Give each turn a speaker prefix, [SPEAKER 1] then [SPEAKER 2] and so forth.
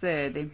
[SPEAKER 1] sēdi.